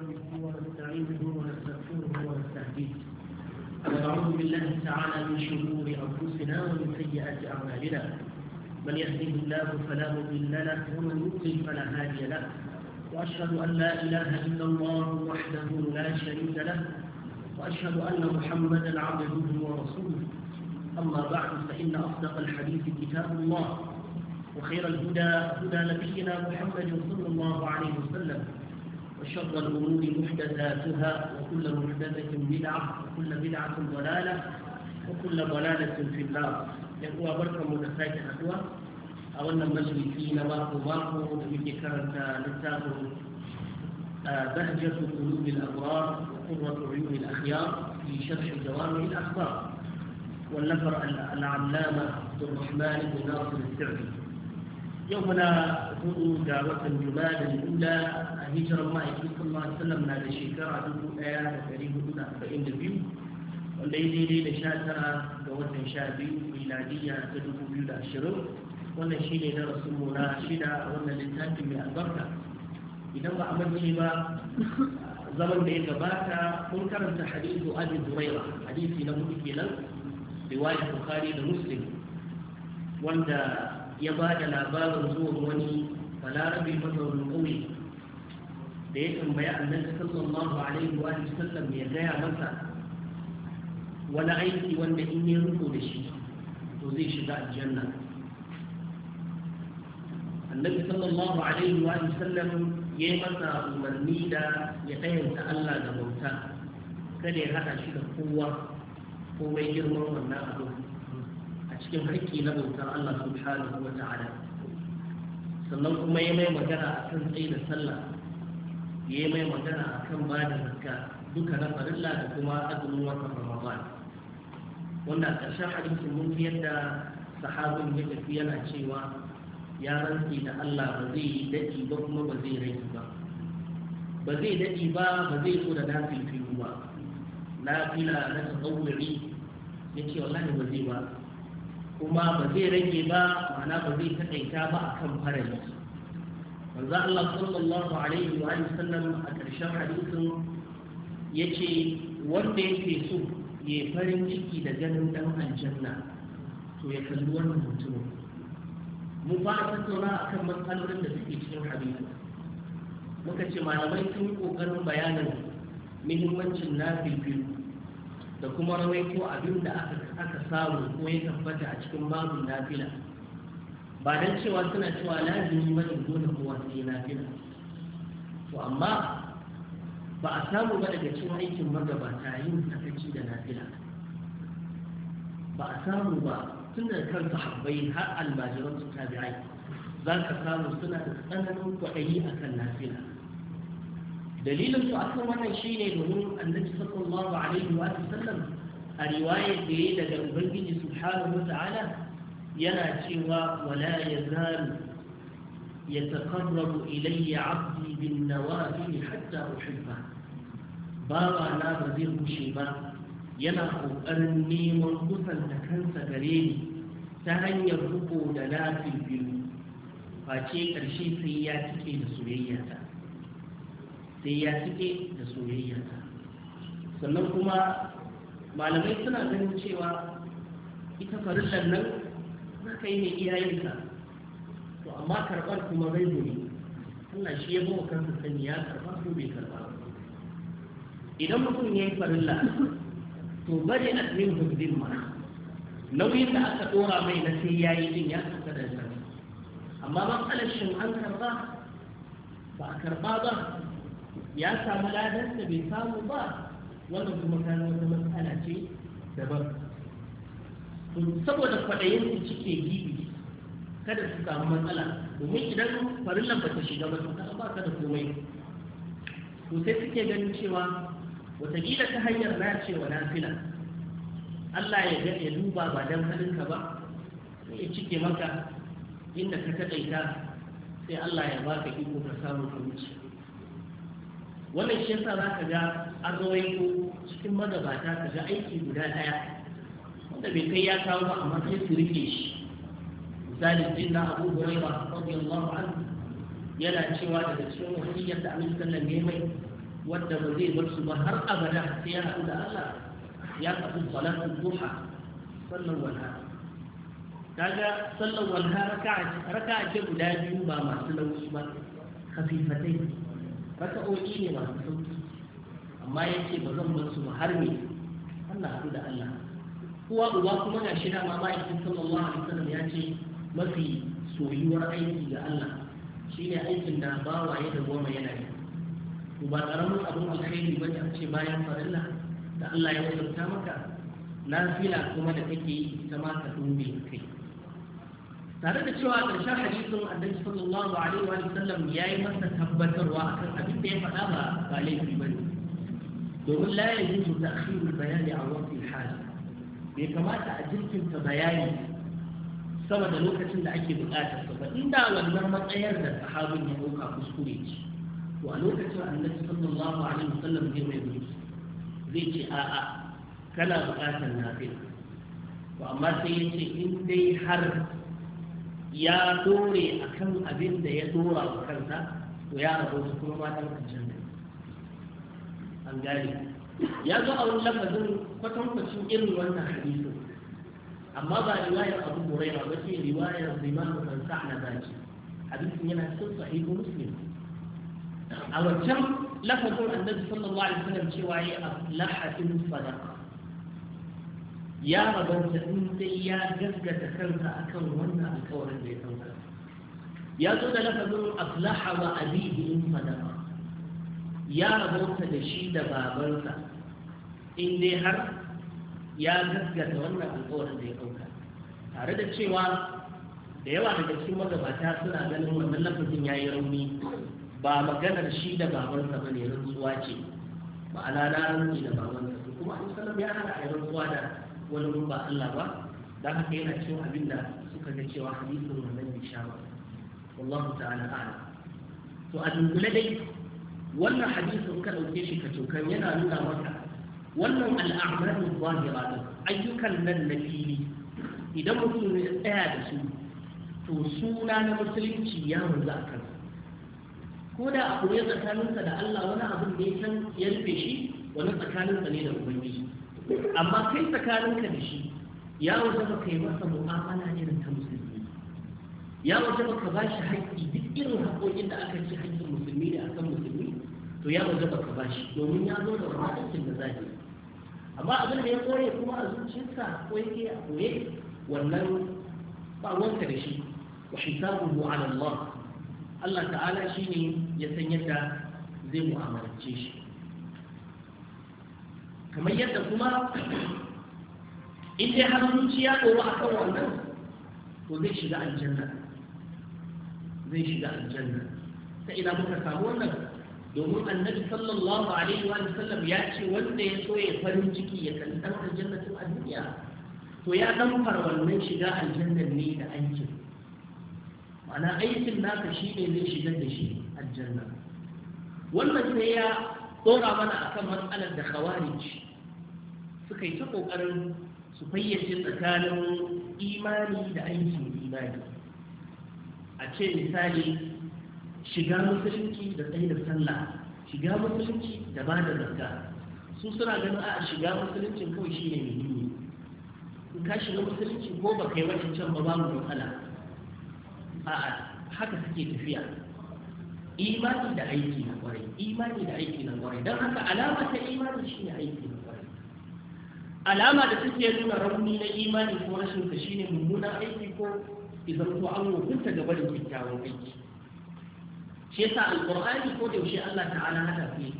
ونستعينه ونستغفره ونستهديه ونعوذ بالله تعالى من شرور انفسنا ومن سيئات اعمالنا من يهده الله فلا مضل له ومن يضلل فلا هادي له واشهد ان لا اله الا الله وحده لا شريك له واشهد ان محمدا عبده ورسوله اما بعد فان اصدق الحديث كتاب الله وخير الهدى هدى نبينا محمد صلى الله عليه وسلم وشر الأمور محدثاتها وكل محدثة بدعة وكل بدعة ضلالة وكل ضلالة في النار يقوى بركة متساكة أدوى أولا مجلسي نواقو ماكو بمكي كانت لتاكو آه، بهجة قلوب الأبرار وقرة عيون الأخيار في شرح جوامع الأخبار والنفر العلامة عبد الرحمن بن ناصر السعدي yau muna hudu ga watan jula da jula a hijirar ma'aikin sallallahu alaihi wasallam na da shekara dubu daya da dari hudu da arba'in da biyu wanda ya daidai da sha tara ga watan sha biyu miladiyya ta dubu biyu da ashirin wannan shi ne na rasu na shida a wannan littafin mai albarka idan ba a mance ba zaman da ya gabata mun karanta hadithu abi hurairah hadisi na hudu kenan riwayat bukhari da muslim wanda ya ba da labarin zuwa wani balarabi mazaunin ƙauye da ya tambaya annabi sallallahu alaihi wa sallam ya gaya masa wani aiki wanda in yi riko da shi to zai shiga aljanna annabi sallallahu alaihi wa sallam ya yi masa umarni da ya ɗayanta Allah da bauta kada ya haɗa shi da kowa ko mai girman wannan abin cikin harki na bautar Allah subhanahu wa ta'ala sannan kuma ya mai magana a kan tsaye sallah ya mai magana a kan ba da zakka duka na farilla da kuma azumin watan ramadan wanda a ƙarshen hadisin mun yadda sahabin ya tafi yana cewa ya rantse da Allah ba zai yi daɗi ba kuma ba zai rage ba ba zai daɗi ba ba zai so da nafi ba na fila na tsawuri ya ce wallahi ba zai ba kuma ba zai rage ba ma'ana ba zai taɗaita ba a kan ba. manzo Allah sallallahu alaihi wa sallam a ƙarshen hadisin yace wanda yake so ya farin ciki da ganin dan aljanna to ya kalli wannan mutum mu fara tattauna akan matsalolin da suke cikin hadisi muka ce malamai sun kokarin bayanin muhimmancin biyu da kuma rawaito abin da aka aka samu ko ya tabbata a cikin babin nafila ba don cewa suna cewa lazimi ba ne dole kowa sai ya nafila to amma ba a samu ba daga cikin aikin magabata yin sakaci da nafila ba a samu ba tun da kan sahabbai har almajiran su tabi'ai za ka samu suna da tsananin kwaɗayi a kan nafila dalilin su kan wannan shine domin annabi sallallahu alaihi wa sallam a riwayar da ya daga ubangiji subhanahu wa ta'ala yana cewa wala ya yataqarrabu ilayya 'abdi bin nawafil hatta uhibba bawa na ba zai kushe ba yana ƙoƙarin neman kusanta kansa gare ni ta hanyar riko da lafi biyu face ƙarshe sai ya cike da soyayyata sai ya cike da soyayyata sannan kuma malamai suna ganin cewa ita farillar nan za ka yi ne iyayenka to amma karɓar kuma zai ne Allah shi ya bawa kansa sani ya karɓa ko bai karɓa idan mutum ya yi farilla to bari a cikin hudbin ma nauyin da aka ɗora mai na sai ya yi din ya kasa da shi amma matsalar shin an karɓa ba a karɓa ba ya samu ladan da bai samu ba wannan kuma ta wata matsala ce daban saboda kwaɗayin su cike gibi kada su samu matsala domin idan farillan ba ta shiga ba to ba ka da komai to sai suke ganin cewa watakila ta hanyar na cewa na fila Allah ya ga ya duba ba dan halinka ba sai ya cike maka inda ka kaɗaita sai Allah ya baka iko ka samu kunci wannan shi yasa za ka ga an rawaito cikin magabata ka ga aiki guda ɗaya wanda bai kai ya kawo ba amma sai su rike shi misalin jinna abu hurairah radiyallahu anhu yana cewa daga cikin wasiyyar da annabi sallallahu alaihi wasallam wanda ba zai bar su ba har abada sai ya haɗu da Allah ya kafu salatu duha sallan walha kaga sallan walha raka'a raka'a ce guda biyu ba masu laushi ba khafifatai raka'o'i ne masu sauki amma ya ce ba zan bar su ba har ne Allah haɗu da Allah uwa uba kuma na dama ma ma'aikin sallallahu alaihi wasallam ya ce mafi soyuwar aiki ga Allah shine aikin da bawa ya da goma yana yi to ba karamin abin alkhairi ba ta ce bayan farilla da Allah ya wajabta maka nafila kuma da kake yi ta ma ka dumbe kai tare da cewa ƙarshen hadisin annabi sallallahu alaihi wa sallam ya yi masa tabbatarwa akan abin da ya faɗa ba ba laifi ba ne domin la ya yuzu ta'khirul bayani a waqti hali, bai kamata a jirkinta bayani sama da lokacin da ake buƙatar sa ba inda wannan matsayar da sahabin ya dauka kuskure ce to a lokacin annabi sallallahu alaihi wa sallam zai mai mulki zai ce a'a kana buƙatar nafi to amma sai ya ce in dai har ya dore a kan abin da ya dora wa kansa to ya rabu su kuma matan aljanna an gane ya zo a wani lafazin kwatankwacin irin wannan hadisin amma ba riwayar abu burai ba ce riwayar rimanu kan sa'na zaki hadisin yana cikin sahihu muslim a wancan lafazin annabi sallallahu alaihi wasallam cewa ya aflaha in sadaqa ya rabanta in sai ya gaskata kansa akan wannan alkawarin da ya sauka ya zo da lafazin aflaha wa abihi in sadaqa ya rabanta da shi da babansa in dai har ya gaskata wannan alkawarin da ya sauka tare da cewa da yawa daga cikin magabata suna ganin wannan lafazin ya yi rauni ba maganar shi da babansa ba ne rantsuwa ce ma'ana na rantsi da babansa kuma an salam ya hana a yi rantsuwa da wani ba Allah ba da haka yana cin abin da suka ga cewa hadisin wannan bai sha ba wallahu ta'ala ala to a dunkule dai wannan hadisin ka dauke shi ka tokan yana nuna maka wannan al'amarin zahira din ayyukan nan na fili idan mutum ya tsaya da su to suna na musulunci ya wanzu a kansa ko da abu ne tsakaninsa da Allah wani abin da ya san ya rufe shi wani tsakaninsa ne da ubangiji amma kai tsakaninka da shi ya wata ba kai masa mu'amala irin ta musulmi ya wata ba ka ba shi haƙƙi duk irin haƙoƙin da aka ci haƙƙin musulmi da akan musulmi to ya wata ba ka ba shi domin ya zo da wani da zai amma abin da ya kore kuma a zuciyarsa ko yake a koye wannan ba wanka da shi wa hisabuhu ala Allah Allah ta'ala shine ya san yadda zai mu'amalance shi kamar yadda kuma in dai har zuciya tsoro a kan wannan to zai shiga aljanna zai shiga aljanna ta ina muka samu wannan domin annabi sallallahu alaihi wa sallam ya ce wanda ya so ya farin ciki ya kalli dan aljanna tun a duniya to ya dan wannan shiga aljanna ne da aikin ma'ana aikin naka shi ne zai shigar da shi aljanna wannan sai ya tsora mana a kan matsalar da khawarij suka yi ta ƙoƙarin su fayyace tsakanin imani da aikin imani a ce misali shiga musulunci da tsaye da sallah shiga musulunci da ba da zarga su suna ganin a shiga musulunci kawai shi ne muhimmi in ka shiga musulunci ko ba kai wancan can ba babu matsala a'a haka suke tafiya imani da aiki na kwarai imani da aiki na kwarai don haka alama ta imani shi ne aiki na kwarai alama da suke nuna rauni na imani ko rashin shi ne mummunan aiki ko idan to an hukunta gaba da kyakkyawan aiki shi yasa alqur'ani ko da yaushe Allah ta'ala hada fi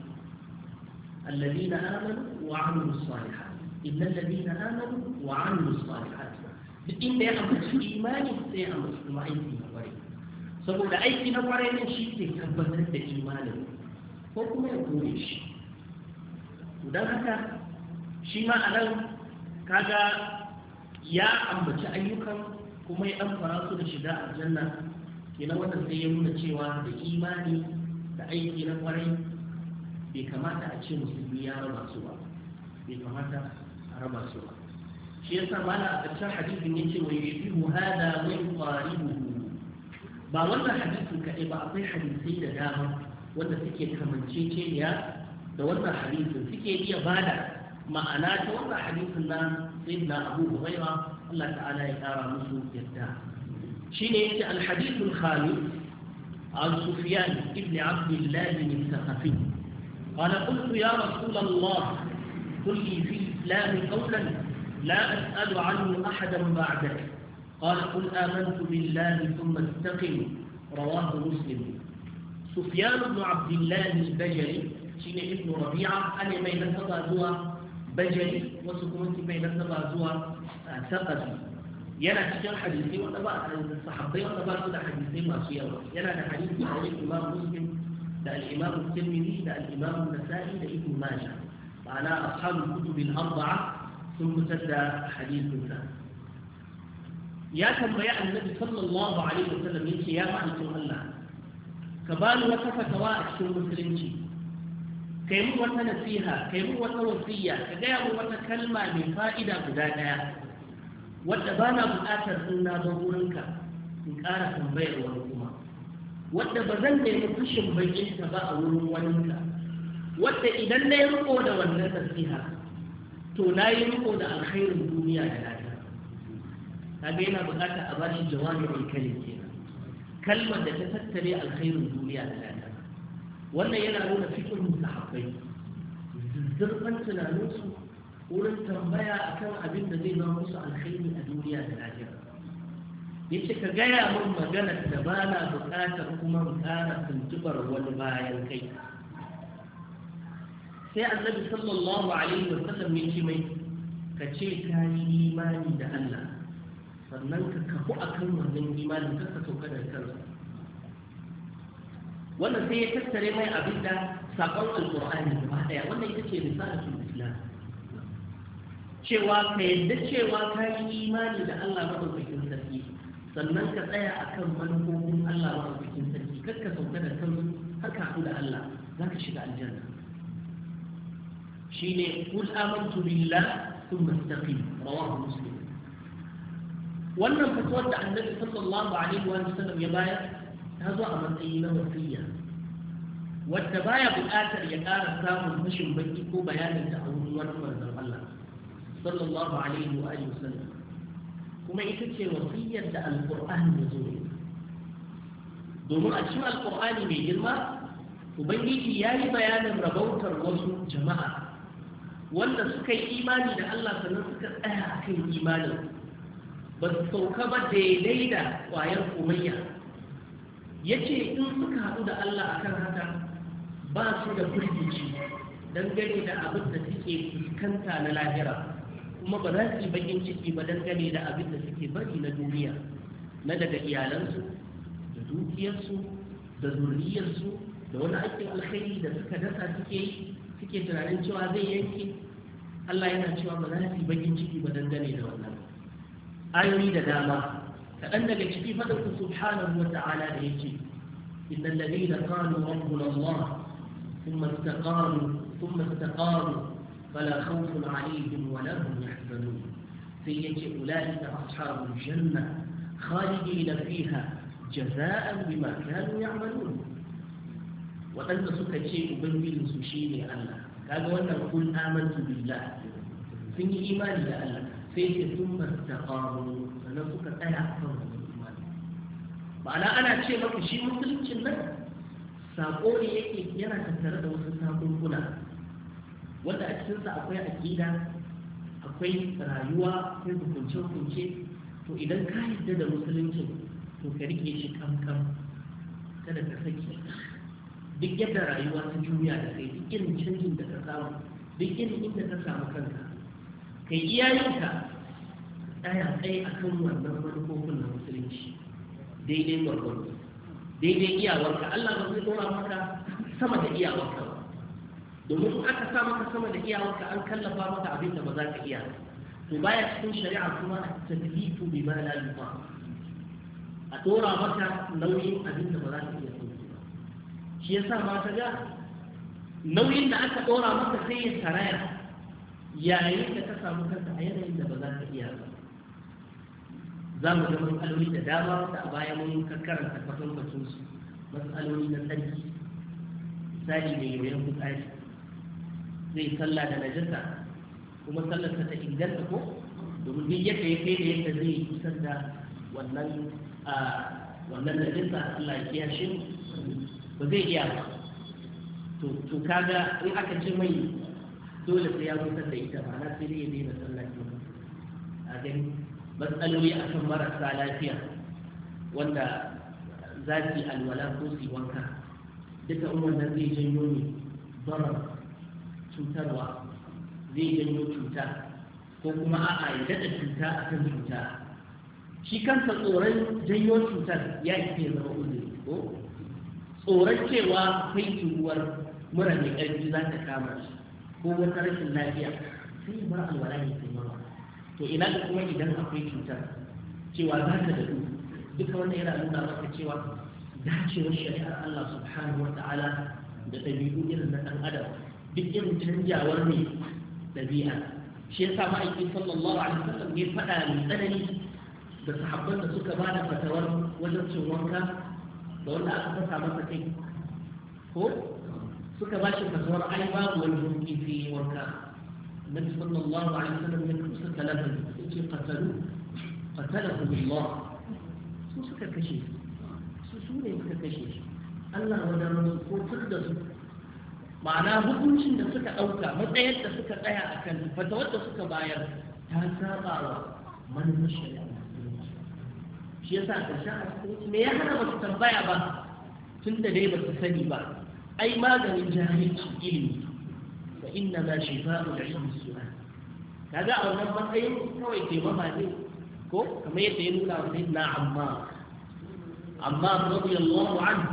alladhina amanu wa amilus salihat illa alladhina amanu wa amilus salihat duk inda ya ambaci imani sai ambaci kuma aiki na kwarai saboda aiki na kwarai ne shi ke tabbatar da imanin ko kuma ya kore shi don haka shi ma a nan kaga ya ambaci ayyukan kuma ya fara su da shiga aljanna kenan wannan sai ya nuna cewa da imani da aiki na kwarai bai kamata a ce musulmi ya raba su ba bai kamata a raba su ba shi yasa mala a ƙarshen hadisin yace wa yushbihu hada ƙwari mu. ba wannan hadisi kaɗai ba akwai hadisai da dama wanda suke kamanceceniya da wannan hadisin suke iya bada ma'ana ta wannan hadisin na sayyidina Abu Hurairah Allah ta'ala ya kara musu yadda shine yace al-hadith al-khamis عن سفيان بن عبد الله الثقفي قال قلت يا رسول الله قل لي في الإسلام قولا لا أسأل عنه أحدا بعدك قال قل آمنت بالله ثم استقم رواه مسلم سفيان بن عبد الله البجلي شين ابن ربيعة أنا بين التقاذوا بجلي وسكونت بين التقاذوا ثقفي آه، يلا تشكل حديثي وطبعا الصحابي وطبعا كده حديثي ما فيه يلا حديثي حديث عن الإمام مسلم ده الإمام الترمذي ده الإمام النسائي ده ابن ماجه معناه أصحاب الكتب الأربعة ثم سد حديث ثاني ya tambayi annabi sallallahu alaihi wasallam yace ya ma'aikin Allah ka bani wata fatawa a cikin musulunci kai mu wata nasiha kai mu wata wasiya ka gaya mu wata kalma mai fa'ida guda daya wadda ba na buƙatar in na zo wurinka in ƙara tambayar wani kuma wadda ba zan nemi fushin bakinta ba a wurin waninka wadda idan na yi riko da wannan nasiha to na yi riko da alkhairin duniya da lafiya kaga yana buƙatar a bashi jawami'ul kalim kenan kalmar da ta tattare alkhairin duniya da lahira wannan yana nuna fikirin sahabbai zurfan tunaninsu wurin tambaya akan abin da zai ba musu alkhairi a duniya da Ya ce ka gaya min maganar da ba na buƙatar kuma kara ƙara tuntubar wani bayan kai sai annabi sallallahu alaihi wasallam ya ce mai ka ce ka yi sannan ka kafu a kan wannan imanin kar ka da daga kansa wannan sai ya tattare mai abin da sakon alƙur'ani gaba ɗaya wannan ita ce misalatul islam cewa ka yadda cewa ka yi imani da Allah maɗaukakin sarki sannan ka tsaya a kan manufofin Allah maɗaukakin sarki kar ka sauka da kansu, har ka da Allah za ka shiga aljanna shine kul amantu billah thumma istaqim rawahu muslim wannan fitowar da annabi sallallahu alaihi wa sallam ya bayar ta zo a matsayi na wasiya wadda baya buƙatar ya ƙara samun fashin baki ko bayanin da a wurin wani manzon Allah sallallahu alaihi wa sallam kuma ita ce wasiyar da alƙur'ani ya zo domin a cikin alƙur'ani mai girma ubangiji ya yi bayanin rabautar wasu jama'a wanda suka yi imani da Allah sannan suka tsaya a kan imanin ba su sauka ba daidai da ƙwayar komayya ya ce in suka haɗu da Allah a kan haka ba su da firgici dangane da abin da suke fuskanta na lahira kuma ba za su yi bakin ciki ba dangane da abin da suke bari na duniya na daga iyalansu da dukiyarsu da zurriyarsu da wani aikin alkhairi da suka dasa suke suke tunanin cewa zai yanke Allah yana cewa ba za su yi ayoyi da dama kaɗan daga ciki وتعالى subhanahu wa ta'ala da yake إن الذين قالوا ربنا الله ثم استقاموا ثم استقاموا فلا خوف عليهم ولا هم يحزنون سيجئ أولئك أصحاب الجنة خالدين فيها جزاء بما كانوا يعملون وأنت سكتشي أبنبي لسوشيني الله قالوا أنه قل آمنت بالله سني إيماني لألّه sai ce sun mastaqamu sannan suka tsaya a kan wannan imani na ana ce maka shi musuluncin nan sako ne yake yana tattare da wasu sakunkuna wanda a cikinsa akwai aƙida akwai rayuwa akwai hukunce-hukunce to idan ka yadda da musuluncin to ka rike shi kankan kada ka saki duk yadda rayuwa ta juya da kai duk irin canjin da ka samu duk irin inda ka samu kanka Ka yi kai iyayenka tsaya tsaye a kan wannan manufofin na musulunci daidai gwargwaro daidai iyawarka Allah ba zai dora maka sama da iyawarka ba domin aka sa maka sama da iyawarka an kallafa maka abin da ba za ka iya to baya cikin shari'a kuma a taklifu bi ma la yuqa a dora maka nauyin abin da ba za ka iya sauki ba shi yasa ma ta ga nauyin da aka dora maka sai ya saraya yayin da ka samu kanka a yanayin da ba za ka iya ba za mu ga matsaloli da dama wata a baya mun karanta kafin batun su matsaloli na tsarki misali mai yoyon fitsari zai sallah da najasa kuma sallar ta inganta ko domin duk yadda ya kai da yadda zai kusan da wannan wannan najasa Allah ya shi ba zai iya ba to kaga in aka ce mai dole sai ya rusar da ita ma'ana sai dai ya daina sallah ke a gani matsaloli akan marasa lafiya wanda za su alwala ko su wanka duka wannan zai janyo ne barar cutarwa zai janyo cuta ko kuma a'a ya daɗa cuta akan cuta shi kansa tsoron janyo cutar ya ke zama uzuri ko tsoron cewa kai yiwuwar mura mai ƙarfi za ta kama shi ko wata rashin lafiya sai ba alwala ne sai mama to ina da kuma idan akwai cutar cewa za ka da duka wannan yana nuna maka cewa dacewar shari'ar Allah subhanahu wa ta'ala da ɗabi'u irin na ɗan adam duk irin canjawar ne ɗabi'a shi yasa ma'aikin sallallahu alaihi wasallam ya faɗa mai tsanani da sahabban da suka ba da fatawar wajen cin wanka da wanda aka fasa masa kai ko suka ba shi kasuwar ai babu wani hukunci sai ya wanka annabi sallallahu alaihi wasallam ya kusa talafin sai ce qatalu qatalahu Allah su suka kashe su su ne suka kashe shi Allah wanda mun ko da su ma'ana hukuncin da suka ɗauka matsayar da suka tsaya a kan fatawar da suka bayar ta saba wa manufar shari'a shi yasa a ƙarshen asibiti me ya hana ba su tambaya ba tun da dai ba su sani ba أي ماذا من جهل علم فإنما شفاء العلم السؤال هذا أو نبا أي هو يتيما ما دي كو كما يتيما لا عمار عمار رضي الله عنه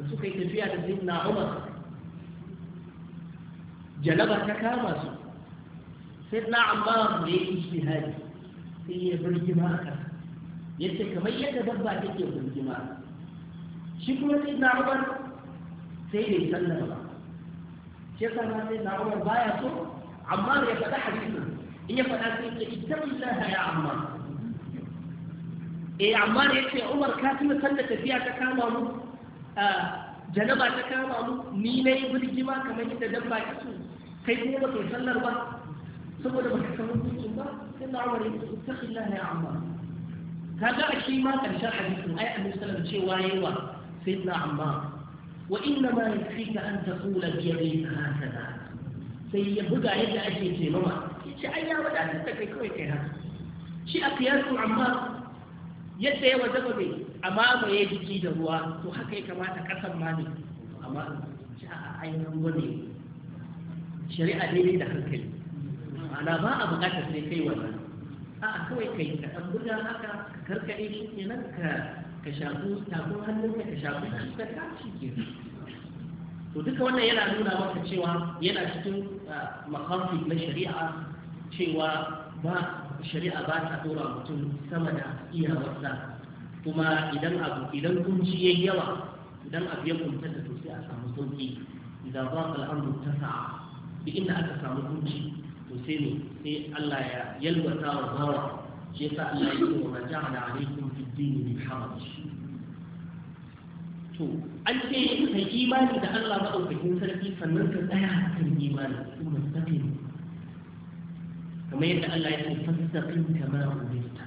بس كيف فيها تدينا عمر جلبة كامس سيدنا عمار ليه ليجتهاد في برجماكة يتكمية دبا تكيو برجماكة shi kuma sai na umar sai bai sallama ba shi yasa na sai na ba baya so amma ya faɗa hadisin in ya faɗa sai ya ittaqillaha ya amma eh amma ya ce umar ka tuna sanda tafiya ta kama mu ah, janaba ta kama mu ni na yi birgima kamar yadda dan ki su kai kuma ba kai sallar ba saboda ba ka san hukuncin ba sai na umar yace ittaqillaha ya amma kaga a shi ma karshen hadisin ai annabi sallallahu alaihi wasallam cewa yayi wa سيدنا عمار وإنما يكفيك أن تقول بيديك هكذا سيدي بدا يدا أشي في نوما شيء أيها انت تتكي كوي كيها شيء أقياس عمار يدا يوجد بي أما ما يجي جيدا هو تحكي كما تكسب مالي أما شاء عين ولي شريعة ديني دخل كل أنا ما أبغى تسلي كي ولا أكوي آه، كي تأبدا هكا كركا إيش ينكا ka shafi tafin hannunka ka shafi cikinka shi ke to duka wannan yana nuna maka cewa yana cikin ah, makafi na shari'a cewa ba shari'a ba ta dora mutum sama da iyawarsa kuma idan abu idan kunci yayi yawa idan abu ya kunta da to a samu sauki idan ba ka al'amru ta sa'a duk inda aka samu kunci to sai ne sai Allah ya yalwata wa bawa shi yasa Allah ya yi wa maja'ala alaikum الدين من حرج to an ce kai imani da Allah maɗaukakin sarki sannan ka tsaya a kan imani su mustaqim kamar yadda Allah ya ce fastaqim kama umirta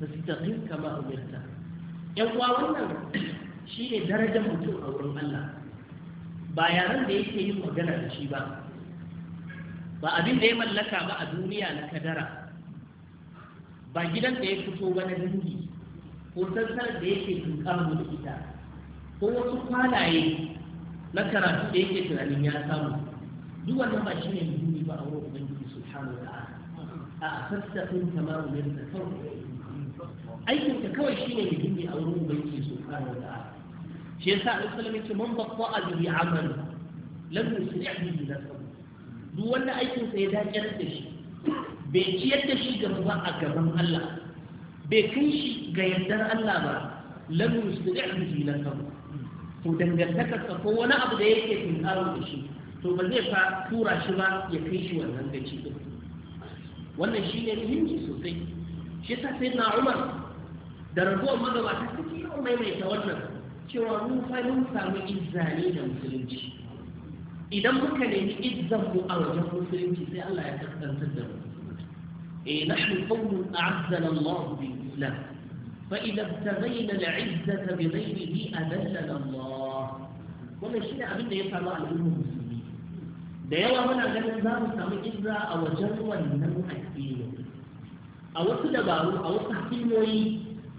fastaqim kama umirta yan uwa wannan shine darajar mutum a wurin Allah ba yaran da yake yin magana da shi ba ba abin da ya mallaka ba a duniya na kadara ba gidan da ya fito ba na dangi hotar da yake tukar mu da ita ko wasu kwalaye na karatu da yake tunanin ya samu duk wannan ba shi ne muhimmi ba a wurin ubangiji subhanahu wa ta'ala a fassafin kamar ne da kawai aikin ka kawai shi ne muhimmi a wurin ubangiji subhanahu wa ta'ala shi yasa alaihi salam yace man baqa bihi amal lam yusri' na nasab duk wanda aikin sa ya dace da shi bai ciyar da shi gaba a gaban Allah bai kai shi ga yardar Allah ba lam yusbi'u dinakahu to dangantaka ka ko wani abu da yake tunkaro da shi to ba zai fa tura shi ba ya kai shi wannan gaci din wannan shi ne muhimmi sosai shi ta sai na Umar da ragowar magabata suke yawan ta wannan cewa mun fa mun samu izza da musulunci idan muka nemi izzan mu a wajen musulunci sai Allah ya kaskantar da mu إيه نحن قوم أعزنا الله بالإسلام فإذا ابتغينا العزة بغيره أذلنا الله wannan shi ne abin da ya samu al'ummar musulmi da yawa muna ganin za mu samu izza a wajen wannan addini a wasu dabaru a wasu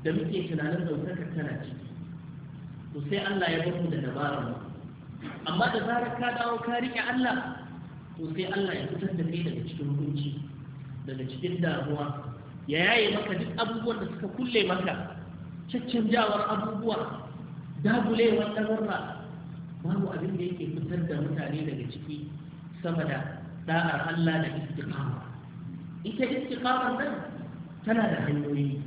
da muke tunanin daukaka tana ciki to sai Allah ya bamu da dabarar amma da zarar ka dawo ka riƙe Allah to sai Allah ya fitar da kai daga cikin hukunci daga cikin damuwa ya yaye maka duk abubuwan da suka kulle maka caccanjawar abubuwa dagulewar ɗawarra babu abin da yake fitar da mutane daga ciki sama da da'ar Allah da istiqama ita istiqamar nan tana da hanyoyi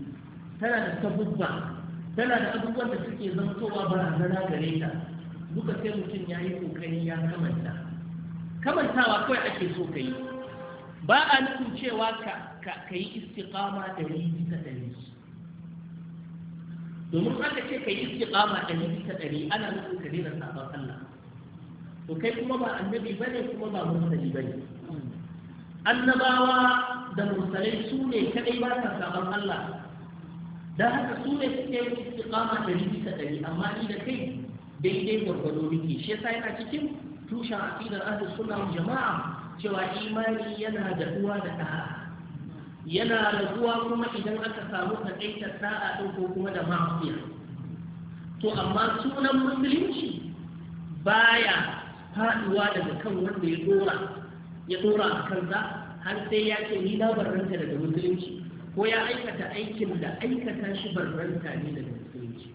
tana da sabubba tana da abubuwan da suke zantowa barazana gare ta duka sai mutum ya yi kokari ya kamanta kamantawa kawai ake so ka yi ba a nufin cewa ka yi istiqama ɗari bisa ɗari domin aka ce ka yi istiqama ɗari bisa ɗari ana nufin ka daina sabon Allah to kai kuma ba annabi ba ne, kuma ba mursali ne. annabawa da mursalai su ne kadai ba sa sabon Allah Don haka su ne suke yin istiqama ɗari bisa ɗari amma ni da kai daidai gwargwado nake shi yasa yana cikin tushen aqidar ahlus sunna jama'a cewa imani yana da uwa da ɗaha yana da uwa kuma idan aka samu taƙaitar sa'a ɗin ko kuma da mafiya to amma sunan musulunci baya faɗuwa daga kan wanda ya ɗora ya ɗora a kansa har sai ya ce ni na barranta daga musulunci ko ya aikata aikin da aikata shi barranta ne daga musulunci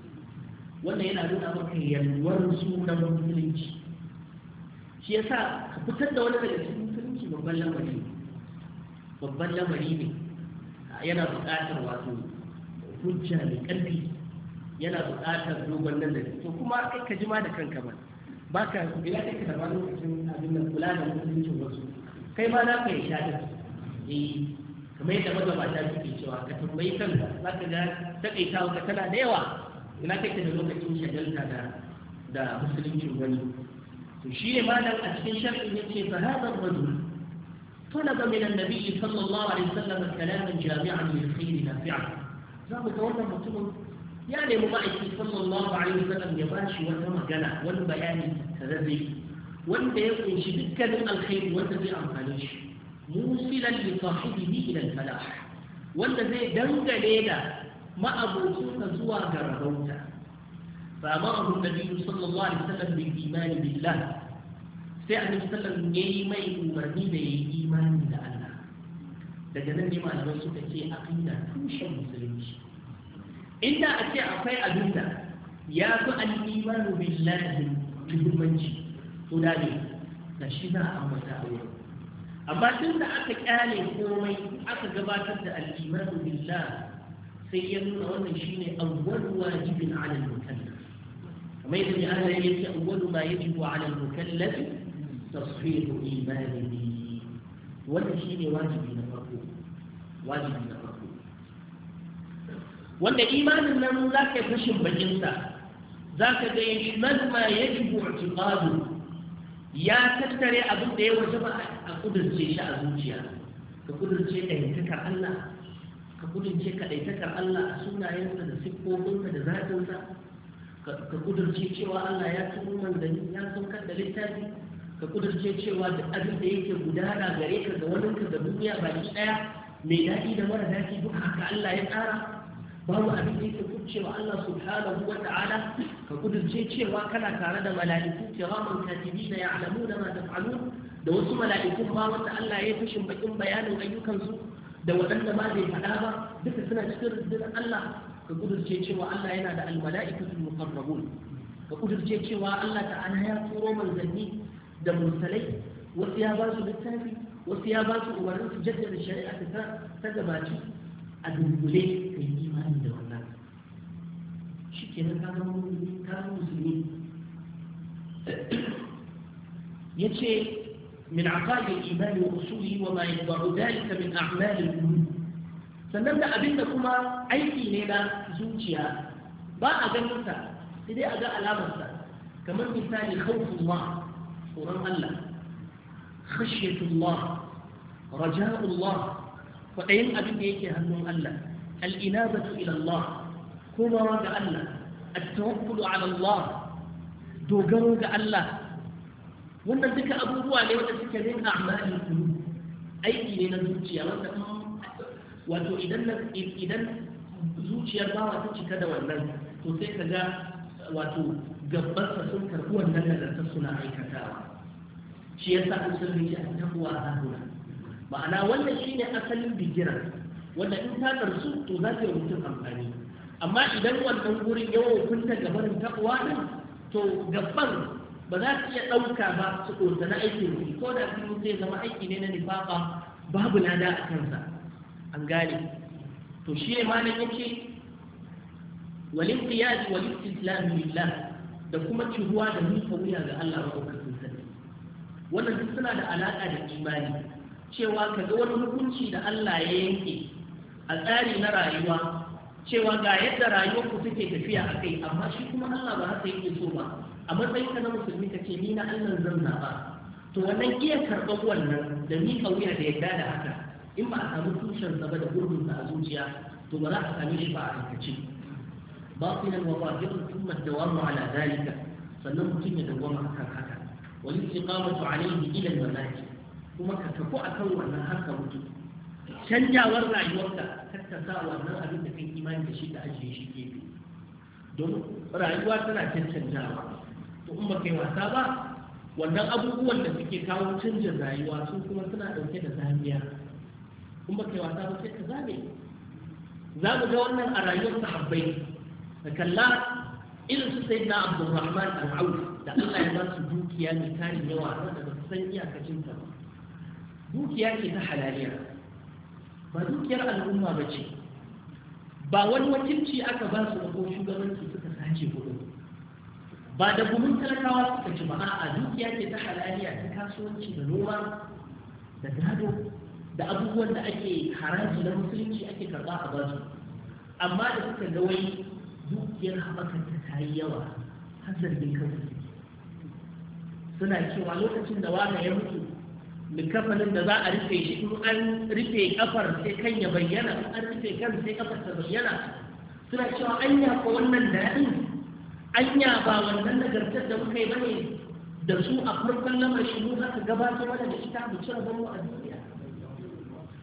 wannan yana nuna maka yalwar sunan musulunci shi yasa ka fitar da wani daga cikin babban lamari babban lamari ne yana buƙatar wato hujja mai ƙarfi yana buƙatar dogon nan da to kuma kai ka jima da kanka ba ba ka ya kai ka zama lokacin abin da kula da mutuncin wasu kai ma na kai sha da eh kamar yadda magabata suke cewa ka tambayi kanka za ka ga taƙaitawa ka tana da yawa ina kai ka da lokacin shagalta da da musuluncin wani to shi ne malam a cikin shar'in yake fa hadha rajul طلب من النبي صلى الله عليه وسلم كلاما جامعا للخير نافعا زاب تولى مطلوب يعني مبعث صلى الله عليه وسلم يباشي وزم جنا والبيان تذبي وانت يقول شبك من الخير وانت في عمالش موصلا لصاحبه الى الفلاح وانت زي دنجا ليلة ما أبوكونا زوا جربوتا فأمره النبي صلى الله عليه وسلم بالإيمان بالله sai annabi sallallahu ya yi mai umarni da ya yi imani da Allah daga nan ne malamai suka ce a aqida tushen musulunci inda a ce akwai abinda ya fi al-imanu billahi muhimmanci to da ne da shi za a ambata a wurin amma tun da aka kyale komai aka gabatar da al-imanu billahi sai ya nuna wannan shine awwal wajibin 'ala al-mukallaf kamar yadda Allah ya ce awwalu ma yajibu 'ala al-mukallaf تصحيح إيمانه wannan shi ne wajibi na farko wanda imanin nan za yi fashin bakinsa za ka ga ya shimal ma ya tattare abin da ya wajaba a الله shi a zuciya ka kudurce ka kudurce a sunayensa da siffofinsa da ka kudurce cewa Allah ya turo manzanni ya saukar da littafi ka kudurce cewa duk abin da yake gudana gare ka da wani ka da duniya baki daya mai daɗi da mara daɗi duka haka Allah ya tsara babu abin da yake kucewa Allah subhanahu wa ta'ala ka kudurce cewa kana tare da mala'iku kiraman katibi da ya'lamuna ma taf'alun da wasu mala'ikun ba wanda Allah ya fi bakin bayanin ayyukansu da waɗanda ba zai faɗa ba duka suna cikin rundunar Allah ka kudurce cewa Allah yana da almala'ikatul muqarrabun ka kudurce cewa Allah ta'ala ya turo manzanni da mursalai wasu ya ba su littafi wasu ya ba su umarnin su jaddada shari'a ta ta gabaci a dunkule kai imani da wannan shi ke nan kaga musulmi kaga musulmi ya ce min aqaidil imani wa usuli wa ma yadba'u dhalika min a'malil qulub sannan da abin da kuma aiki ne na zuciya ba a ganin sa sai dai a ga alamarsa kamar misali khawfullah tsoron Allah khashiyatullah raja'ullah kwaɗayin abin da yake hannun Allah al'inabatu ila Allah komawa ga Allah at-tawakkulu ala Allah dogaro ga Allah wannan duka abubuwa ne wanda suke yin a'malin qulub aiki ne na zuciya wanda wato idan idan zuciyar bawa ta cika da wannan to sai ka ga wato gabbarsa sun karɓi wannan nagartar suna aikatawa shi ya sa sun rike a a hannuna ma'ana wannan shi ne asalin bigiran wanda in ta karsu to za ta yi mutum amfani amma idan wannan wurin yawan kunta gabarin tabuwa ɗin to gabban ba za ta iya ɗauka ba su ɗauka na aikin shi ko da sun zai zama aiki ne na nifafa babu lada a kansa an gane to shi ne malam ya ce walin qiyadi wal istislam lillah da kuma ciruwa da mika wuya ga Allah maɗaukakin sarki wannan duk suna da alaƙa da imani cewa ka ga wani hukunci da Allah ya yanke a tsari na rayuwa cewa ga yadda rayuwar ku take tafiya a kai amma shi kuma Allah ba haka yake so ba a matsayin ka na musulmi ka ce ni na Allah zan ba. to wannan iya karɓar wannan da mika wuya da yadda da haka in ba a samu tushen ba da gurbin sa a zuciya to ba za a sami shi ba a aikace باطنا وظاهرا ثم الدوام على ذلك فلنمكن يدوم حتى حتى والاستقامة عليه إلى الممات كما كتفو أكو أن هكا وجود شنجا ورنا يوكا ساوى أن أبدا في إيمان تشيد أجري شكيبي دون رأيوا تنا تنشنجا ثم كيوا سابا wannan abubuwan da suke kawo canjin rayuwa sun kuma suna ɗauke da zamiya kuma kai wasa ba sai ka zame za mu ga wannan a sahabbai ka kalla irin su sai na abdurrahman al'auf da allah ya ba su dukiya mai tarin yawa wanda ba su san iyakacin ta ba dukiya ce ta halaliya ba dukiyar al'umma ba ce ba wani wakilci aka ba su da ko shugabanci suka sace kuɗin ba da gumin talakawa suka ci ba a dukiya ce ta halaliya ta kasuwanci da noma da gado da abubuwan da ake haraji na musulunci ake karɓa a basu amma da suka ga wai dukiyar haɓaka ta yi yawa hasar bin kansu suna cewa lokacin da waka ya mutu kafanin da za a rufe shi in an rufe kafar sai kan ya bayyana in an rufe kan sai kafar ta bayyana suna cewa ya ko wannan daɗin ya ba wannan nagartar da muka yi bane da su a farkon lamar shi mu haka gabatar mana da ita mu cire zanmu a duniya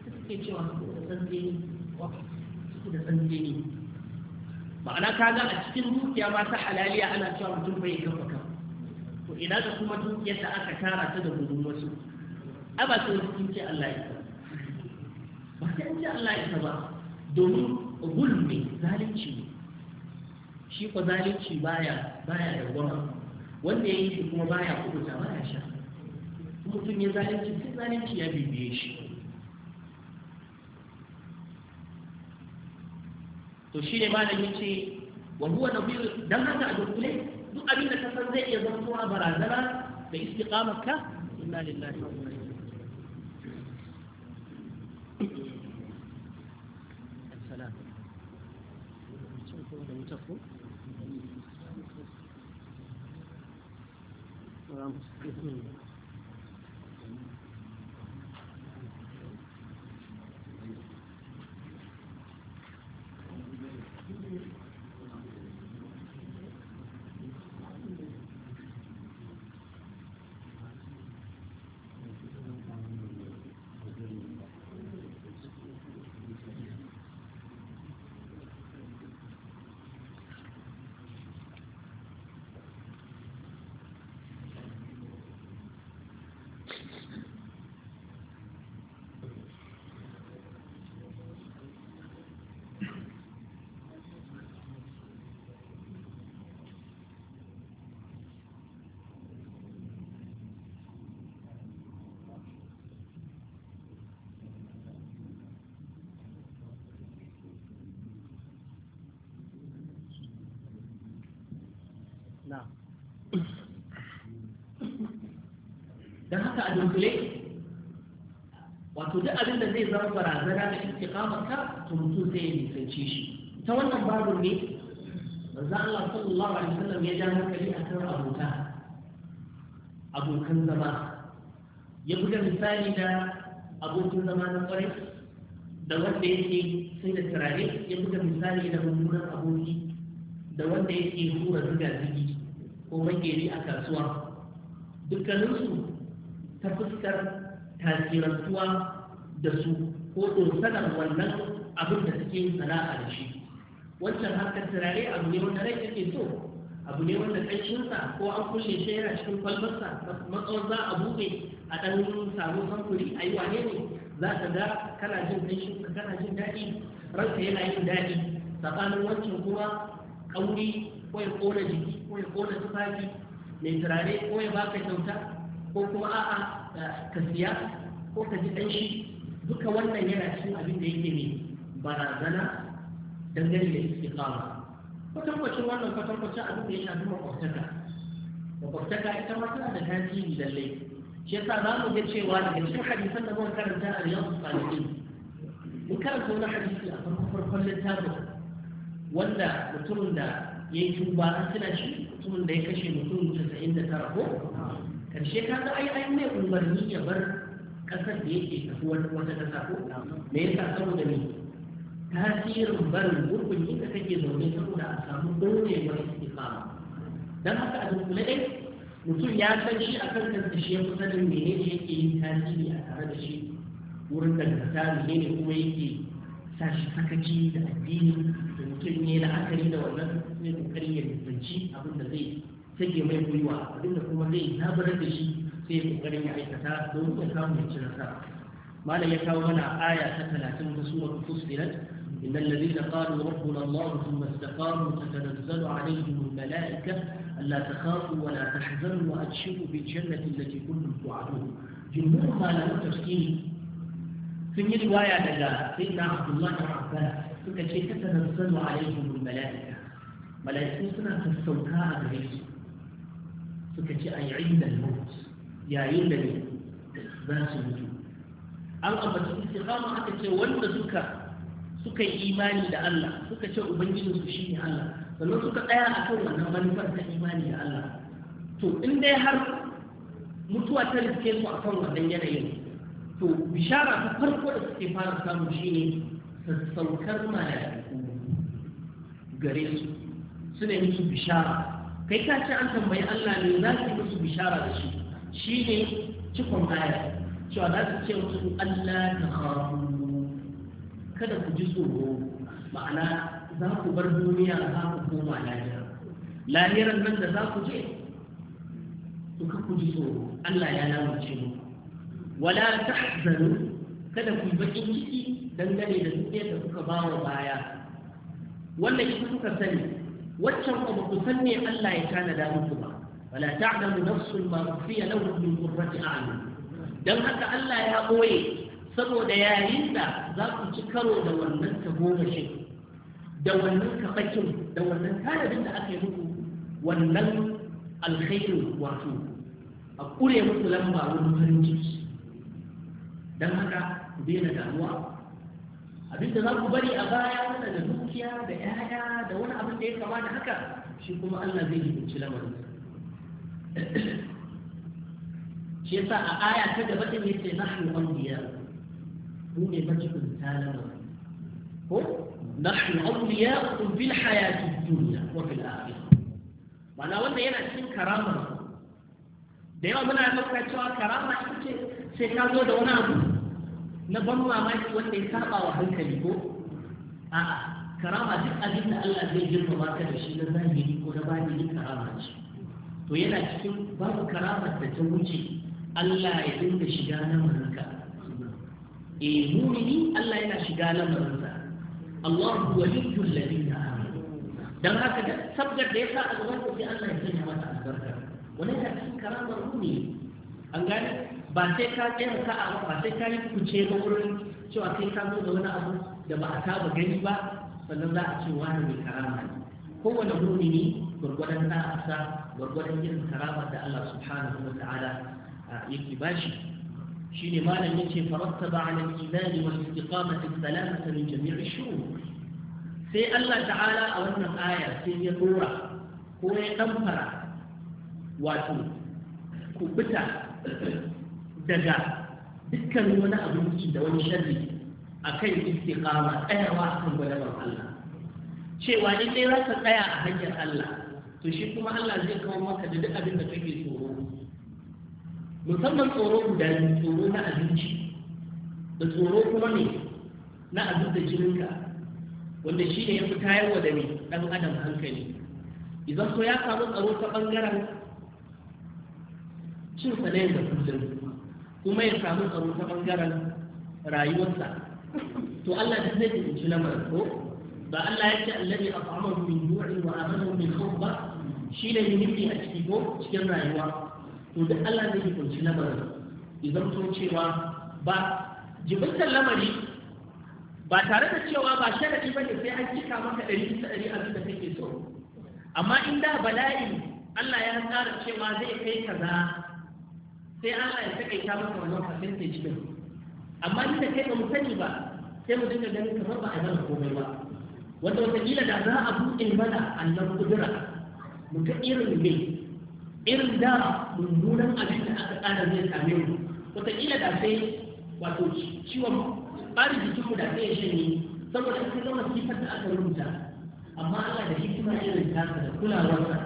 suke cewa su da tsantseni ma'ana kaga a cikin dukiya ma ta halaliya ana cewa mutum bai kafa kan to ina da kuma dukiyar da aka tara ta da gudun wasu ai ba sai sun ce Allah ya ba sai ce Allah ya ba domin gulmi zalunci ne shi ko zalunci baya baya da goma. wanda ya yi shi kuma baya kubuta baya sha mutum ya zalunci sai zalunci ya bibiye shi to shi ne malami ce wa huwa nabiyu dan haka a dukkule duk abin da ka san zai iya zama barazana da istiqamarka inna lillahi wa inna ilaihi Thank you. da haka a dunkule wato duk abin da zai zama barazana da istiqamarka to mutum sai ya nisanci shi ta wannan babu ne manzo Allah sallallahu alaihi wasallam ya ja hankali kan abota abokan zama ya buga misali da abokin zama na kwarai da wanda yake sai da turare ya buga misali da mummunan aboki da wanda yake hura zuga zigi ko makeri a kasuwa dukkaninsu ta fuskar tasirantuwa da su ko ɗorsanar wannan abin da suke sana'a da shi wancan harkar turare abu ne wanda rai take so abu ne wanda ƙanshinsa ko an kulle shi yana cikin kwalbarsa matsawar za a buɗe a ɗan samu samfuri a yi wane ne za ka ga kana jin ƙanshinsa kana jin daɗi ranka yana yin daɗi tsakanin wancan kuma ƙauri ko ya kona jiki ko ya kona tufafi mai turare ko ya baka kyauta ko kuma a'a eh, ka siya ko ka ji ɗanshi duka wannan yana cikin abin da yake ne barazana dangane da istiqama kwatankwacin wannan kwatankwacin abin da ya shafi makwabtaka makwabtaka ita ma tana da tasiri lallai shi yasa za mu ga cewa daga cikin hadisan da muka karanta a riyadu salihin mun karanta wani hadisi a farko farkon littafin wanda mutumin da ya yi tuba an tuna shi mutumin da ya kashe mutum casa'in da tara ko karshe ka ga ai ai mai umarni ya bar kasar da yake tafi wata kasa ko me yasa saboda me tasirin barin gurbin yadda kake zaune saboda a samu dole dorewar istiqama dan haka a kula dai mutum ya san shi a kan kansa shi ya fi sanin menene yake yin tasiri a tare da shi wurin da mene ne kuma yake sa shi sakaci da addini da mutum ne la'akari da wannan ya kokari ya nisanci abin da zai sage mai gwiwa abin da kuma zai zabarar da shi sai ya kokari ya aikata don ya samu ya ci malam ya kawo mana aya ta ta fusilat إن الذين قالوا ربنا الله ثم استقاموا تتنزل عليهم الملائكة ألا تخافوا ولا تحزنوا وأبشروا بالجنة التي كنتم توعدون جمهور ما في رواية لدى سيدنا عبد الله بن عباس تتنزل عليهم الملائكة mala'iku suna sassauka a gare su suka ce a yayin da maut yayin da ne za su mutu an ambaci istiqama aka ce wanda suka suka yi imani da Allah suka ce ubangijin su shine Allah sannan suka tsaya a akan wannan manufar ta imani da Allah to in dai har mutuwa ta riske su a akan wannan yanayin to bishara ta farko da suke fara samu shine sassaukar mala'iku gare su suna yi musu bishara kai ka ce an tambayi Allah ne za su yi musu bishara da shi shi ne cikon aya cewa za su ce musu Allah ta haru kada ku ji tsoro ma'ana za ku bar duniya za ku koma lahira lahiran nan da za ku je to ka ku ji tsoro Allah ya lalace mu wala tahzanu kada ku yi bakin ciki dangane da duk da kuka ba wa baya wannan ita kuka sani waccan ku ba ku san me Allah ya tanada muku ba wala ta'lamu nafsun ma ukhfiya lahum min qurrati a'yun dan haka Allah ya boye saboda yayin da za ku ci karo da wannan tagomashin da wannan kafakin da wannan tanadin da aka yi muku wannan alkhairu wato a kure muku lamba wani farin ciki don haka ku daina damuwa abinda za ku bari a baya kuna da dukiya da 'ya'ya da wani abin da ya kama da haka shi kuma Allah zai hibinci lamarin shi yasa a aya ta gaba din yace nahnu awliya mu ne majibinta lamarin ko نحن أولياءكم في الحياة الدنيا وفي الآخرة معنى وانا ينا تشين كرامة دايما منا يتوقع تشوى كرامة تشين سيكاو دو دونا na ban mamaki wanda ya saba wa hankali ko a'a karama duk abin da Allah zai girmama ka da shi na zahiri ko na bani duk karama ce to yana cikin babu karama da ta wuce Allah ya dinga shiga na lamarinka eh mumini Allah yana shiga na lamarinsa Allah waliyyul ladina amanu dan haka da sabgar da ya sa a gaban sai Allah ya sanya masa albarka wannan yana cikin karamar mumini an gane ba sai ka tsaya ka a ba sai ka yi kuce ba wurin cewa sai ka zo da wani abu da ba a saba gani ba sannan za a ce wani mai karama ne kowane mumini gwargwadon a sa, gwargwadon irin karama da Allah subhanahu wa ta'ala yake bashi shine malam yace farattaba ala al-iman wal istiqamati thalathata min jami'i shurur sai Allah ta'ala a wannan aya sai ya dora ko ya damfara wato kubuta daga dukkan wani abinci da wani sharri a kan istiqama tsayawa a kan gwadabar Allah cewa in dai za ka tsaya a hanyar Allah to shi kuma Allah zai kawo maka da duk abin da kake tsoro musamman tsoro guda tsoro na abinci da tsoro kuma ne na abin da jininka wanda shi ne ya fi tayarwa da ni ɗan adam hankali idan so ya samu tsaro ta ɓangaren cin sa na da kullum kuma ya samu tsaro ta bangaren rayuwarsa to Allah da zai tsinci lamarin ko ba Allah ya ce allazi af'amahu min ju'in wa amanahu min khawf ba shi ne muhimmi a ciki ko cikin rayuwa to da Allah zai tsinci lamarin idan to cewa ba jibintar lamari ba tare da cewa ba sharadi ba ne sai an cika maka ɗari bisa ɗari abin da kake so amma in da bala'in Allah ya tsara cewa zai kai kaza sai Allah ya takaita masa wannan percentage din amma ni da kai ba mu sani ba sai mu dinga ganin kamar ba a nan komai ba wanda kila da za a buɗe mana annan kudura mu ga irin mai irin da mummunan abin da aka tsara zai same mu kila da sai wato ciwon jikin jikinmu da sai ya shanye saboda aka zama sifar da aka rubuta amma Allah da hikima irin tasa da kulawarsa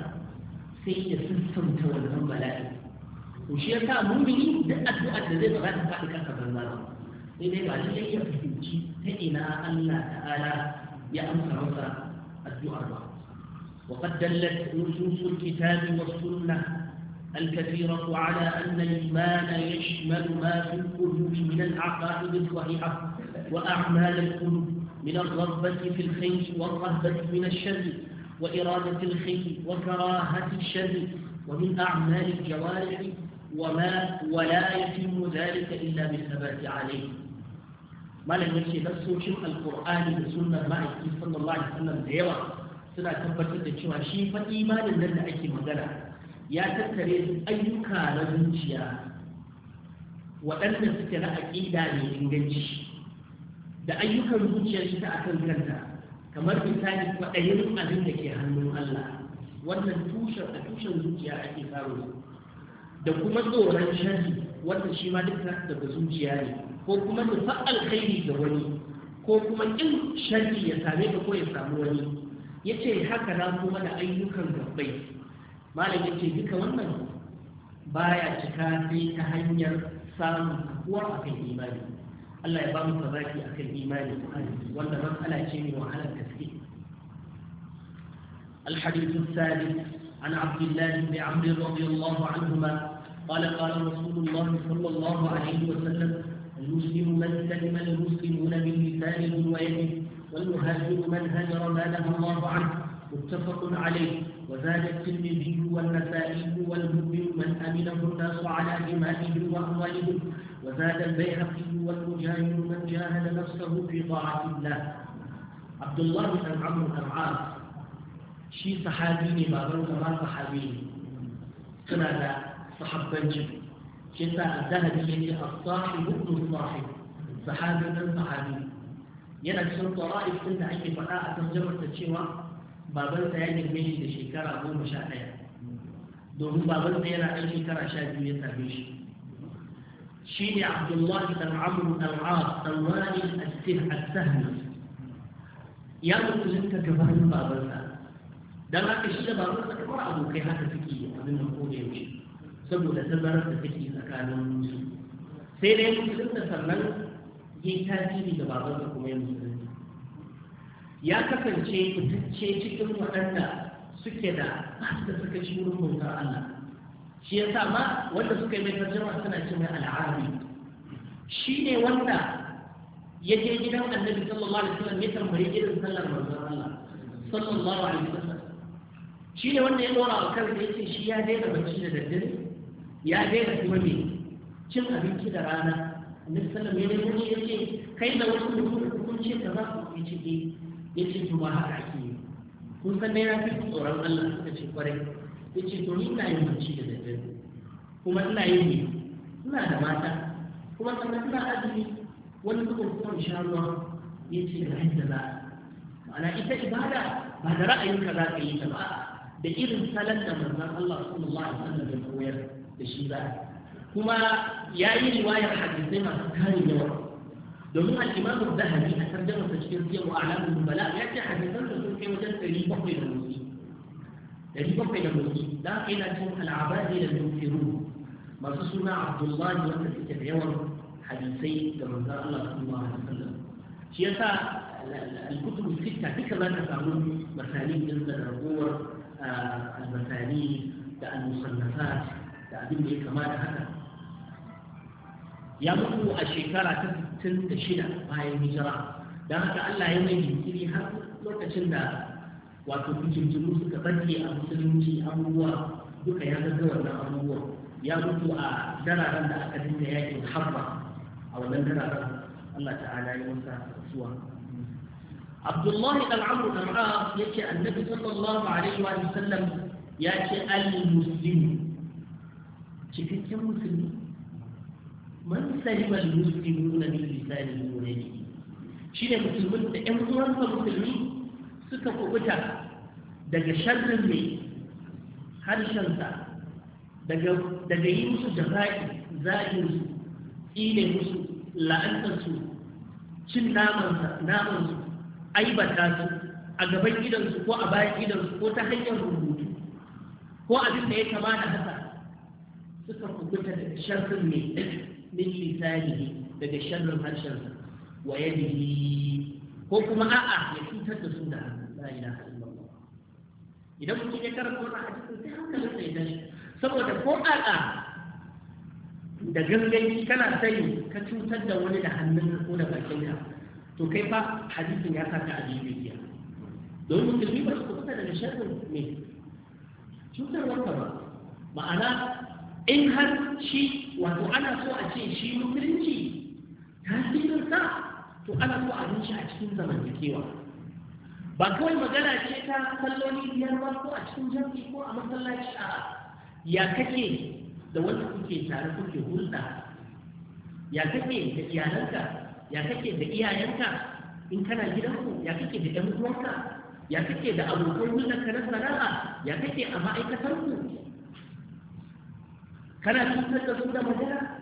sai ya sassauta wannan bala'i shi ya sa mumini duk addu'ar da zai ba za ta faɗi kansa banza ba sai dai ba lallai ya fahimci ta ina Allah ta'ala ya amsa masa addu'ar ba وقد دلت نصوص الكتاب والسنة الكثيرة على أن الإيمان يشمل ما في القلوب من العقائد الصحيحة وأعمال القلوب من الرغبة في الخير والرهبة من الشر وإرادة الخير وكراهة الشر ومن أعمال الجوارح وما ولا يتم ذلك إلا بالثبات عليه ما لم يكن نفسه القرآن والسنة معه صلى الله عليه وسلم ديوة suna tabbatar da cewa shi fa imanin nan da ake magana ya tattare ayyuka na zuciya waɗanda suke na aƙida ne inganci da ayyukan zuciyar shi ta akan kanta kamar misali kwaɗayin abin da ke hannun Allah wannan tushen a tushen zuciya ake samu da kuma tsoron sharri wanda shi ma duk daga zuciya ne ko kuma nufa alkhairi ga wani ko kuma ƙin sharri ya same ka ko ya samu wani ya ce haka na kuma da ayyukan gabbai malam ya ce duka wannan baya cika sai ta hanyar samun kuwa a kan imani Allah ya ba mu sabaki a kan imani wanda matsala ce mai wahalar gaske الحديث الثالث عن عبد الله بن عمرو رضي الله عنهما قال قال رسول الله صلى الله عليه وسلم المسلم من سلم المسلمون من لسانه ويده والمهاجر من هجر ما نهى الله عنه متفق عليه وزاد الترمذي والنسائي والمؤمن من امنه الناس على دمائهم واموالهم وزاد البيهقي والمجاهد من جاهد نفسه في طاعه الله عبد الله بن عمرو بن عاص شي صحابي بابا baban kamar sahabi ne sahabbanci shi sa a zahabi ya ce a sahibu ibn sahibu sahabi dan sahabi yana cikin tsara'if din da ake faɗa a kan jamarta cewa babansa ya girme shi da shekara goma sha ɗaya domin babansa yana ɗan shekara sha biyu ya same shi a عبد الله بن عمرو العاص الوالي السهم السهمي يا مسلمك كبار بابا دم هكا شيء kamar abokai haka كي هكا فيكي اظن نقول يمشي saboda tazarar da take tsakanin musu, sai dai musulunta sannan ya yi tasiri da babansa kuma ya musulunta ya kasance fitacce cikin waɗanda suke da da suka shi wurin bautar Allah shi ya sa ma wanda suka yi mai tarjama suna ce mai al'arabi shi ne wanda ya je gidan annabi sallallahu alaihi wasallam ya tambaye irin sallar manzon Allah sallallahu alaihi wasallam shi ne wanda ya dora a da ya ce shi ya daina bacci da daddare ya daina kuma me cin abinci da rana annabi sallallahu alaihi wasallam ya ce kai da wasu mutum kuma ce ka za ku yi ciki eh. ya ce to ba haka ake yi kun san dai na fi tsoron Allah suka ce kwarai ya ce to ni ina yin bacci da daddare kuma ina yin ne ina da mata kuma sannan ina azumi wani zubin kuma in sha ruwa ya ce da yadda za ma'ana ita ibada ba da ra'ayinka za ka yi ta ba da irin salon da manzon Allah sallallahu alaihi wasallam ya koyar shi ba kuma ya yi riwayar hadisai masu tarin yawa domin al'imamu zahabi a tarjama ta cikin siya wa alamun bala ya ce hadisan da sun kai wajen ɗari bakwai da musu ɗari bakwai da musu da haka yana cin al'abadi da mufiru masu suna abdullahi wanda suke da yawan hadisai da manzan Allah sallallahu alaihi wasallam shi yasa al-kutub sitta duka za ka samu masani din da ragowar al-masani da al-musannafat da abin da ya kamata haka ya mutu a shekara ta sittin da shida, bayan hijira don haka Allah ya mai jinkiri har lokacin da wato bincin suka barke a musulunci abubuwa duka ya zaga wannan abubuwan ya mutu a dararen da aka dinga yakin harba a wannan dararen Allah ta'ala ya masa suwa Abdullahi dan Amr dan As yace Annabi sallallahu alaihi wa sallam yace al-muslimu cikakken musulmi man salimar muslimu na min lisani munafi shi ne musulmin da uwan sa musulmi suka kubuta daga sharrin mai harshensa daga yi musu jaza'i za'insu tsine musu la'antarsu cin namansu aibata su a gaban gidansu ko a bayan gidansu ko ta hanyar rubutu ko abin da ya kamata haka suka kubuta daga sharrin ne min misali daga sharrin harshen wa yadihi ko kuma a'a ya cutar da su da la ilaha illallah idan mutum ya karanta wannan hadisin sai hankalin sai tashi saboda ko a'a da gangan kana sani ka cutar da wani da hannun ko da bakinka to kai fa hadisin ya saka a jibiya don musulmi ba su kusa daga sharrin ne cutar wanka ba ma'ana in har shi wato ana so a ce shi musulunci sa, to ana so a rinci a cikin zamantakewa ba kawai magana ce ta kalloli biyar ba ko a cikin jami'i ko a masallaci a ya kake da wanda kuke tare kuke hulɗa ya kake da iyalanka ya kake da iyayenka in kana gidanku ya kake da ɗan ya kake da abokan hulɗarka na sana'a ya kake a ma'aikatarku kana cutar da su da magana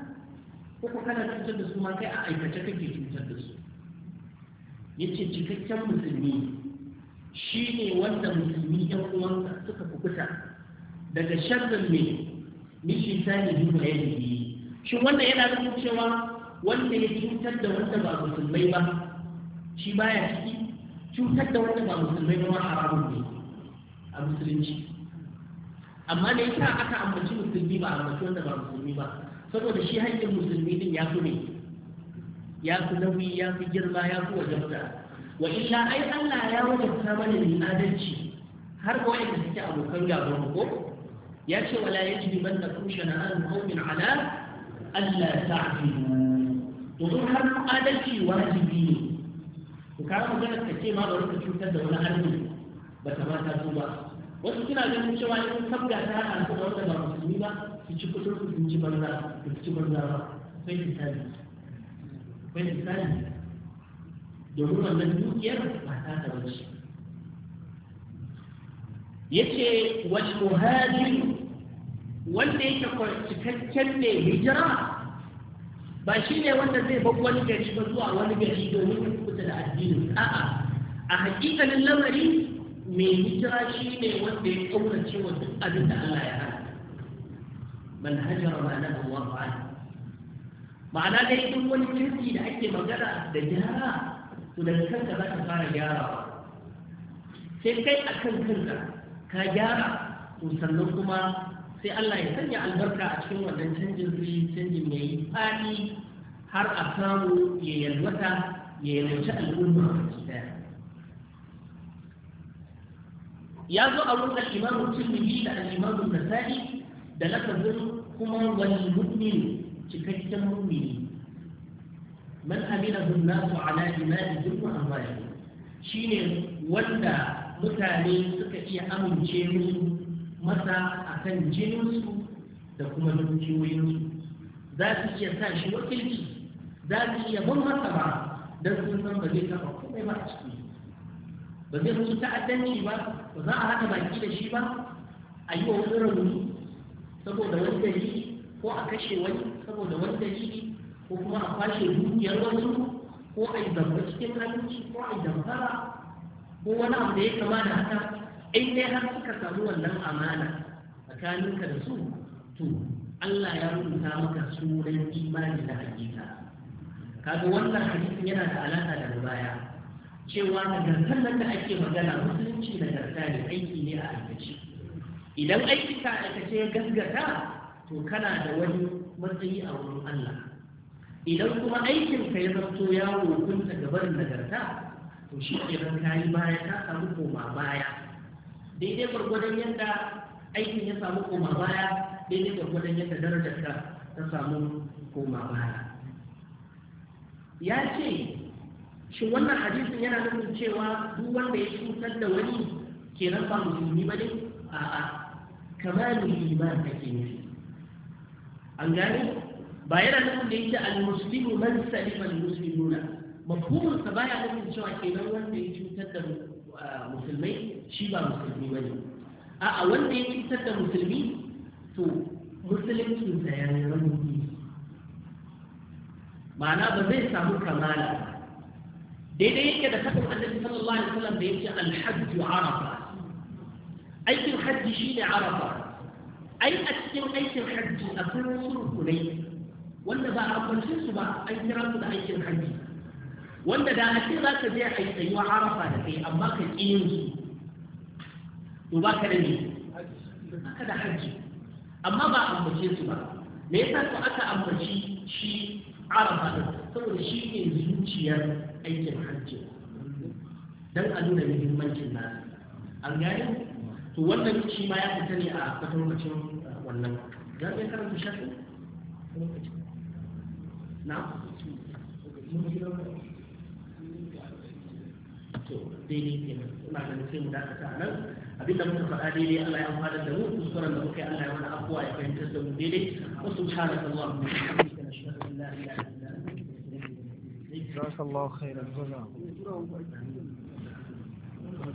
ko kuma kana cutar da su ma kai a aikace kake cutar da su Ya ce cikakken musulmi shi ne wanda musulmi ya uwansa suka kukuta daga sharrin mai ta sani duba ya yi shi wanda yana da cewa wanda ya cutar da wanda ba musulmai ba shi baya ciki cutar da wanda ba musulmai ba ma haramun ne a musulunci amma da yasa aka ambaci musulmi ba ambaci wanda ba musulmi ba saboda shi hanyar musulmi din ya fi ne ya fi nauyi ya fi girma ya fi wajen da wa illa ai Allah ya wajabta mana ne adalci har ga wanda suke abokan gaban ko ya ce wala yajibi man takum shana'an qawmin ala alla ta'dilu to in har adalci wajibi ne to ka magana ka ce ma bari ka cutar da wani arziki ba ta ma ta ba wasu suna ganin cewa in sabga ta hana su da wanda ba musulmi ba su ci kudin su ci banza su ci banza ba sai misali sai misali domin wannan dukiyar ba ta ta bace yace wal muhajir wanda yake cikakken ne hijira ba shi ne wanda zai bar wani gari ba zuwa wani gari domin kuta da addinin a'a a hakikalin lamari mai hijira shi ne wanda ya kaunace wa duk abin da Allah ya hana bal hajara ma na Allah ba ma'ana dai duk wani kirki da ake magana da gyara to da kanka za ka fara gyarawa sai kai a kan kanka ka gyara to sannan kuma sai Allah ya sanya albarka a cikin wannan canjin yi canjin mai fadi har a samu ya yalwata ya yalwaci al'ummar a cikin ya zo a wurin al-imam da al da lakabin kuma wani mu'min cikakken mu'mini man amina an-nasu ala imanihim wa Shi shine wanda mutane suka iya amince musu masa kan jininsu da kuma dukiyoyinsu za su iya sa shi wakilci za su iya mun masa ba don sun san ba zai taɓa komai ba a ciki ba zai musu ta'addanci ba ba za a haɗa baki da shi ba a yi wa wani rauni saboda wani dalili ko a kashe wani saboda wani dalili ko kuma a kwashe dukiyar wasu ko a yi zamba cikin aminci ko a yi damfara ko wani abu da ya kama da haka in dai har suka samu wannan amana tsakaninka da su to Allah ya rubuta maka sunan imani da hakika kaga wannan hadisin yana da alaka da baya cewa nagartar nan da ake magana musulunci nagarta ne aiki ne a aikace idan aiki ka aikace ya gaskata to kana da wani matsayi a wurin Allah idan kuma aikin ka ya zanto ya hukunta gaban nagarta to shi ke ran kayi baya ka samu koma baya daidai gwargwadon yadda aikin ya samu koma baya daidai gwargwadon yadda darajar ka ta samu koma baya ya ce shin wannan hadisin yana nufin cewa duk wanda ya cutar da wani ke ba musulmi ba ne a'a kamalul iman kake ne an gane ba yana nufin da yake al-muslimu man salima al na. mafhumin sa baya nufin cewa kenan wanda ya cutar da ah, musulmai shi ba musulmi ba ne a'a wanda ya cutar da musulmi to musulmi sa ya rauni ma'ana ba zai samu kamala ba daidai yake da fadin annabi sallallahu alaihi wasallam da yake alhajju arafa aikin hajji shi ne arafa ai a cikin aikin hajji akwai wasu rukunai wanda ba a kwalce su ba an kira su da aikin hajji wanda da a ce za ka je a yi tsayuwa arafa da kai amma ka ƙi yin su to ba ka da ne haka da hajji amma ba a ambace su ba me yasa ko aka ambaci shi arafa da saboda shi ne zuciyar aikin hajji don a nuna muhimmancin nasa an gane to wannan shi ma ya fita ne a wata lokacin uh, wannan za ka karanta shafi na to daidai kenan ina ganin sai mu dakata nan abin da muka faɗa daidai Allah ya amfana da mu kuskuren da muka yi Allah ya wani abuwa ya fahimtar da mu daidai wasu subhanaka Allahumma wa bihamdika nashhadu an la ilaha جزاك الله خير الجزاء